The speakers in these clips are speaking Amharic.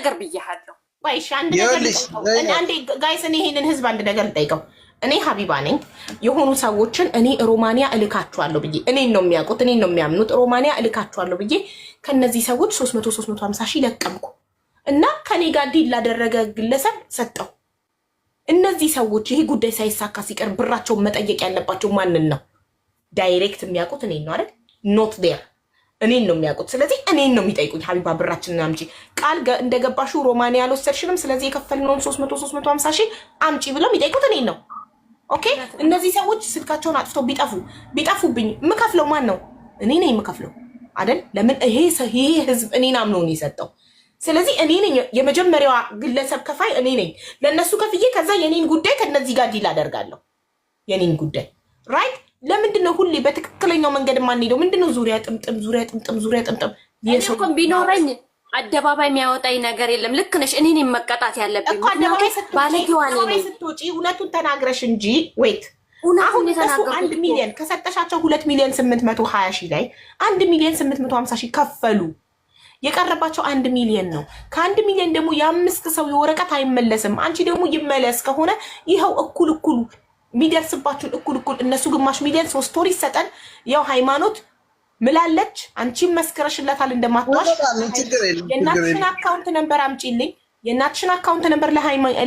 ነገር ብያሃለሁ። ቆይ አንድ ነገር አንዴ ጋይስ፣ እኔ ይሄንን ህዝብ አንድ ነገር ልጠይቀው። እኔ ሀቢባ ነኝ። የሆኑ ሰዎችን እኔ ሮማንያ እልካችኋለሁ ብዬ እኔን ነው የሚያውቁት፣ እኔን ነው የሚያምኑት። ሮማንያ እልካችኋለሁ ብዬ ከነዚህ ሰዎች 300 350 ሺህ ለቀምኩ እና ከኔ ጋር ዲል ላደረገ ግለሰብ ሰጠው። እነዚህ ሰዎች ይሄ ጉዳይ ሳይሳካ ሲቀር ብራቸውን መጠየቅ ያለባቸው ማንን ነው? ዳይሬክት የሚያውቁት እኔን ነው አይደል? ኖት ዴር እኔን ነው የሚያውቁት። ስለዚህ እኔን ነው የሚጠይቁኝ። ሀቢባ ብራችንን አምጪ፣ ቃል እንደገባሹ ሮማንያ አልወሰድሽንም፣ ስለዚህ የከፈልነውን 300 350 ሺህ አምጪ ብለው የሚጠይቁት እኔን ነው። ኦኬ እነዚህ ሰዎች ስልካቸውን አጥፍተው ቢጠፉ ቢጠፉብኝ የምከፍለው ማን ነው? እኔ ነኝ የምከፍለው አይደል? ለምን ይሄ ህዝብ እኔን አምኖ የሰጠው ስለዚህ እኔ ነኝ የመጀመሪያዋ ግለሰብ ከፋይ እኔ ነኝ። ለእነሱ ከፍዬ ከዛ የኔን ጉዳይ ከነዚህ ጋር ዲል አደርጋለሁ። የኔን ጉዳይ ራይት ለምንድን ነው ሁሌ በትክክለኛው መንገድ ማንሄደው? ምንድን ነው ዙሪያ ጥምጥም ዙሪያ ጥምጥም ዙሪያ ጥምጥም? የሰውም ቢኖረኝ አደባባይ የሚያወጣኝ ነገር የለም። ልክ ነሽ። እኔ እኔም መቀጣት ያለብኝ ባለጊዋኔ ስትወጪ እውነቱን ተናግረሽ እንጂ ወይት አሁን እነሱ አንድ ሚሊዮን ከሰጠሻቸው ሁለት ሚሊዮን ስምንት መቶ ሀያ ሺህ ላይ አንድ ሚሊዮን ስምንት መቶ ሀምሳ ሺህ ከፈሉ። የቀረባቸው አንድ ሚሊዮን ነው። ከአንድ ሚሊዮን ደግሞ የአምስት ሰው የወረቀት አይመለስም። አንቺ ደግሞ ይመለስ ከሆነ ይኸው እኩል እኩሉ የሚደርስባችሁን እኩል እኩል እነሱ ግማሽ ሚሊዮን ሶስት ወር ይሰጠን። ያው ሃይማኖት ምላለች። አንቺም መስክረሽለታል እንደማትዋሽ። የእናትሽን አካውንት ነንበር አምጪልኝ። የእናትሽን አካውንት ነንበር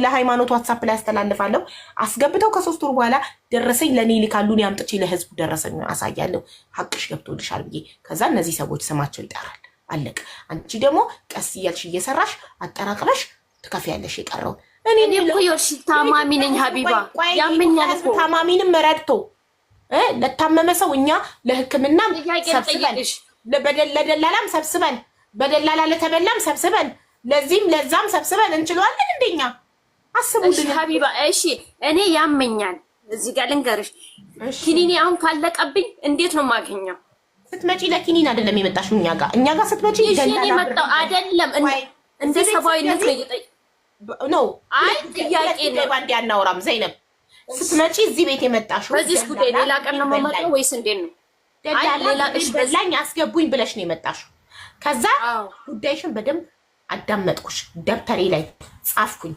ለሃይማኖት ዋትሳፕ ላይ ያስተላልፋለሁ። አስገብተው ከሶስት ወር በኋላ ደረሰኝ ለእኔ ይልካሉ። ያምጥቼ ለህዝቡ ደረሰኝ አሳያለሁ። ሀቅሽ ገብቶልሻል ብዬ ከዛ እነዚህ ሰዎች ስማቸው ይጠራል። አለቅ። አንቺ ደግሞ ቀስ እያልሽ እየሰራሽ አጠራቅመሽ ትከፍያለሽ የቀረውን እኔ እኮ የወርሽ ታማሚ ነኝ ሀቢባ፣ ያምኛል እኮ ታማሚንም ረድቶ ለታመመ ሰው እኛ ለህክምና ሰብስበን ለደላላም ሰብስበን በደላላ ለተበላም ሰብስበን ለዚህም ለዛም ሰብስበን እንችለዋለን። እንደኛ አስቡልኝ ሀቢባ። እሺ እኔ ያመኛል፣ እዚህ ጋር ልንገርሽ፣ ኪኒኔ አሁን ካለቀብኝ እንዴት ነው የማገኘው? ስትመጪ ለኪኒን አይደለም የመጣሽው እኛ ጋር እኛ ጋር ስትመጪ ይዤ አይደለም። እንደ ሰብአዊነት ነው ነው። አይ ጥያቄ ነው። ባንዴ አናወራም። ዘይነብ ስትመጪ እዚህ ቤት የመጣሽው በዚህ ጉዳይ ሌላ ቀን ነው ወይስ እንዴት ነው? አስገቡኝ ብለሽ ነው የመጣሽው። ከዛ ጉዳይሽን በደንብ አዳመጥኩሽ፣ ደብተሬ ላይ ጻፍኩኝ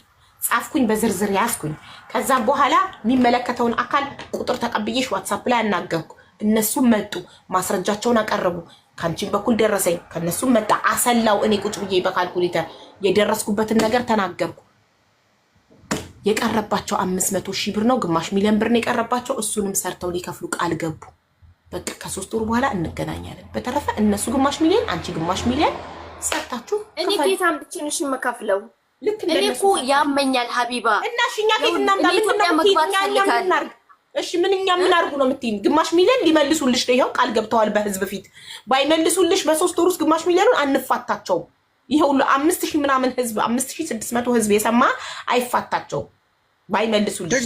ጻፍኩኝ በዝርዝር ያዝኩኝ። ከዛ በኋላ የሚመለከተውን አካል ቁጥር ተቀብዬሽ ዋትሳፕ ላይ አናገርኩ። እነሱም መጡ፣ ማስረጃቸውን አቀረቡ። ከአንቺም በኩል ደረሰኝ ከእነሱም መጣ። አሰላው እኔ ቁጭ ብዬ በካልኩሌተር የደረስኩበትን ነገር ተናገርኩ። የቀረባቸው አምስት መቶ ሺህ ብር ነው፣ ግማሽ ሚሊዮን ብር ነው የቀረባቸው። እሱንም ሰርተው ሊከፍሉ ቃል ገቡ። በቃ ከሶስት ወር በኋላ እንገናኛለን። በተረፈ እነሱ ግማሽ ሚሊዮን፣ አንቺ ግማሽ ሚሊዮን ሰርታችሁ እኔ ጌታን ብቻንሽ የምከፍለው ልክ እኔ እኮ ያመኛል ሀቢባ እና ሽኛ ቤት እና እንዳለ መግባት ፈልጋል። እሺ ምን እኛ ምን አድርጉ ነው የምትይኝ? ግማሽ ሚሊዮን ሊመልሱልሽ ነው። ይኸው ቃል ገብተዋል በህዝብ ፊት። ባይመልሱልሽ በሶስት ወር ውስጥ ግማሽ ሚሊዮኑን አንፋታቸውም። ይሄ ሁሉ አምስት ሺህ ምናምን ህዝብ አምስት ሺህ ስድስት መቶ ህዝብ የሰማ አይፋታቸው ባይመልሱልሽ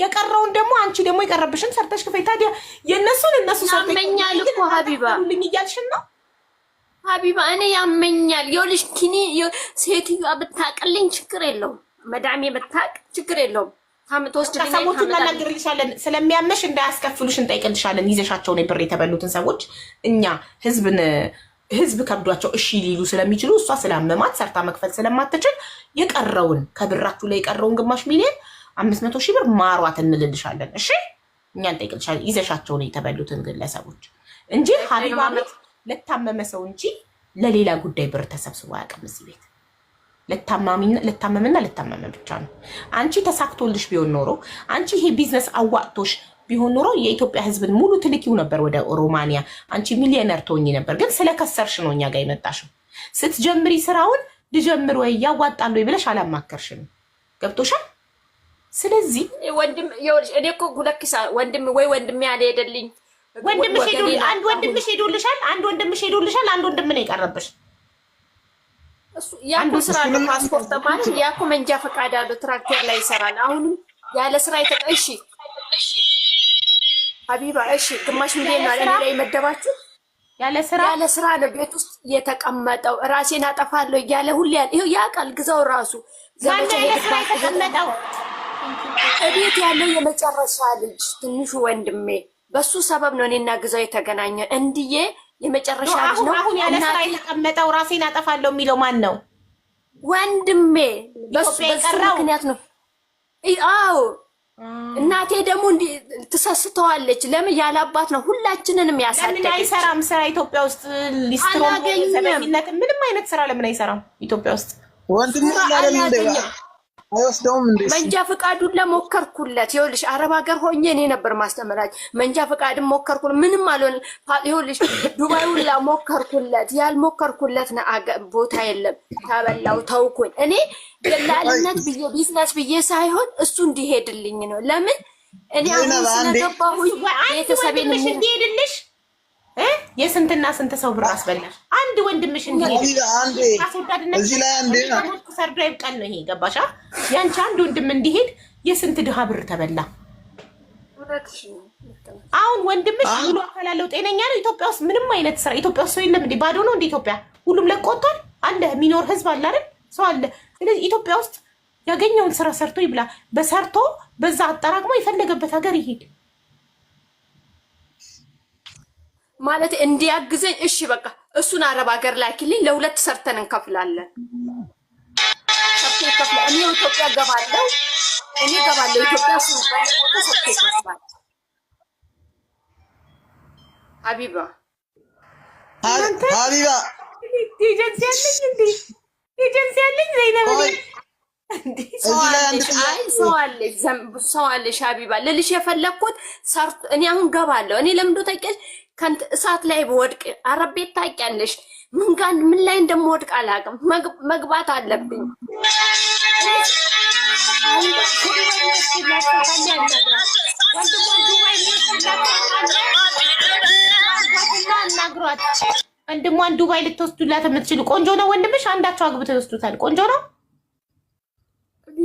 የቀረውን ደግሞ አንቺ ደግሞ የቀረብሽን ሰርተሽ ክፈይ። ታዲያ የእነሱን እነሱ ሰርተኛል እኮ ሀቢባ እያልሽን ነው ሀቢባ። እኔ ያመኛል የውልሽ ኪኒ ሴትዮዋ ብታቅልኝ ችግር የለውም መዳሜ ብታቅ ችግር የለውም። ሰዎቹ እናናግርልሻለን። ስለሚያመሽ እንዳያስከፍሉሽ እንጠይቅልሻለን። ይዘሻቸው ነው ብር የተበሉትን ሰዎች እኛ ህዝብን ህዝብ ከብዷቸው እሺ ሊሉ ስለሚችሉ እሷ ስላመማት ሰርታ መክፈል ስለማትችል የቀረውን ከብራችሁ ላይ የቀረውን ግማሽ ሚሊዮን አምስት መቶ ሺህ ብር ማሯት እንልልሻለን። እሺ እኛ እንጠይቅልሻለን። ይዘሻቸው ነው የተበሉትን ግለሰቦች እንጂ ሀቢባ ለታመመ ሰው እንጂ ለሌላ ጉዳይ ብር ተሰብስቦ አያውቅም እዚህ ቤት። ለታመምና ለታመመ ብቻ ነው። አንቺ ተሳክቶልሽ ቢሆን ኖሮ አንቺ ይሄ ቢዝነስ አዋጥቶሽ ቢሆን ኖሮ የኢትዮጵያ ህዝብን ሙሉ ትልኪው ነበር ወደ ሮማንያ። አንቺ ሚሊዮነር ትሆኚ ነበር። ግን ስለከሰርሽ ነው እኛ ጋር የመጣሽው። ስትጀምሪ ስራውን ልጀምር ወይ ያዋጣሉ ብለሽ አላማከርሽም። ገብቶሻል? ስለዚህ ወንድም እኔ እኮ ጉለኪሳ ወንድም ወይ ወንድም ያለ ሄደልኝ ወንድምሽ አንድ ወንድምሽ ሄዶልሻል። አንድ ወንድምሽ ሄዶልሻል። አንድ ወንድም ነው የቀረብሽ። ያኮ ስራ ፓስፖርት ማለት ያኮ መንጃ ፈቃድ አለው። ትራክተር ላይ ይሰራል። አሁንም ያለ ስራ የተቀ ሀቢባ እሺ፣ ግማሽ ሚሊዮን ነው እኔ ላይ መደባችሁ። ያለ ስራ ያለ ስራ ነው ቤት ውስጥ የተቀመጠው። ራሴን አጠፋለሁ እያለ ሁሌ ያለ ይሄ ያውቃል። ግዛው ራሱ ዘመቻ ያለ ስራ የተቀመጠው እቤት ያለው የመጨረሻ ልጅ ትንሹ ወንድሜ፣ በሱ ሰበብ ነው እኔና ግዛው የተገናኘ። እንድዬ የመጨረሻ ልጅ ነው። አሁን ያለ ስራ የተቀመጠው ራሴን አጠፋለሁ የሚለው ማን ነው? ወንድሜ። በሱ ምክንያት ነው። አዎ እናቴ ደግሞ ትሰስተዋለች። ለምን ያለ አባት ነው ሁላችንንም ያሳደገች። ለምን አይሰራም ስራ ኢትዮጵያ ውስጥ ሊስትሮ ምንም አይነት ስራ ለምን አይሰራም ኢትዮጵያ ውስጥ ወንድም አይወስደውም እንዴ? መንጃ ፈቃዱን ለሞከርኩለት። ይኸውልሽ አረብ ሀገር ሆኜ እኔ ነበር ማስተምራች። መንጃ ፈቃድን ሞከርኩ፣ ምንም አልሆን። ይኸውልሽ ዱባይ ሁላ ሞከርኩለት። ያልሞከርኩለት ቦታ የለም። ተበላው፣ ተውኩኝ። እኔ ደላልነት ብዬ ቢዝነስ ብዬ ሳይሆን እሱ እንዲሄድልኝ ነው። ለምን እኔ አሁን ስለገባሁኝ ቤተሰቤን እንዲሄድልሽ የስንትና ስንት ሰው ብር አስበላሽ። አንድ ወንድምሽ እንዲሄድአስወዳድነት ሰርዶ ነው ይሄ ገባሻ? ያንቺ አንድ ወንድም እንዲሄድ የስንት ድሃ ብር ተበላ። አሁን ወንድምሽ ሙሉ አካል ያለው ጤነኛ ነው። ኢትዮጵያ ውስጥ ምንም አይነት ስራ ኢትዮጵያ ውስጥ ሰው የለም። ባዶ ነው እንደ ኢትዮጵያ ሁሉም ለቆቷል። አለ የሚኖር ህዝብ አለ አይደል? ሰው አለ። ስለዚህ ኢትዮጵያ ውስጥ ያገኘውን ስራ ሰርቶ ይብላ። በሰርቶ በዛ አጠራቅሞ የፈለገበት ሀገር ይሄድ። ማለት እንዲያግዘኝ። እሺ በቃ እሱን አረብ ሀገር ላኪልኝ፣ ለሁለት ሰርተን እንከፍላለን። እኔ ኢትዮጵያ ገባለሁ፣ እኔ ገባለሁ ኢትዮጵያ። እሱ ሰርቶ ሀቢባ ሀቢባ ኤጀንሲ ያለኝ እንዴ? ኤጀንሲ ያለኝ ዘይነብ ሰው አለሽ ሀቢባ ልልሽ የፈለግኩት ሰርቶ እኔ አሁን ገባለሁ። እኔ ለምዶ ታውቂያለሽ ከንት እሳት ላይ ብወድቅ አረቤት ታውቂያለሽ። ምን ጋር ምን ላይ እንደምወድቅ አላውቅም። መግባት አለብኝ። ወንድሟን ዱባይ ልትወስዱላት የምትችሉ ቆንጆ ነው ወንድምሽ። አንዳቸው አግብተው ይወስዱታል። ቆንጆ ነው።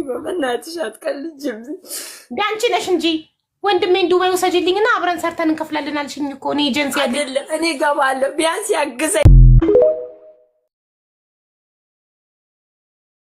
በመናትሽ አትቀልጅም። ዳንቺ ነሽ እንጂ ወንድሜን ዱባይ ውሰጅልኝ እና አብረን ሰርተን እንከፍላለን አልሽኝ እኮ እኔ ኤጀንሲ አይደለም እኔ ገባለሁ ቢያንስ ያግዘኝ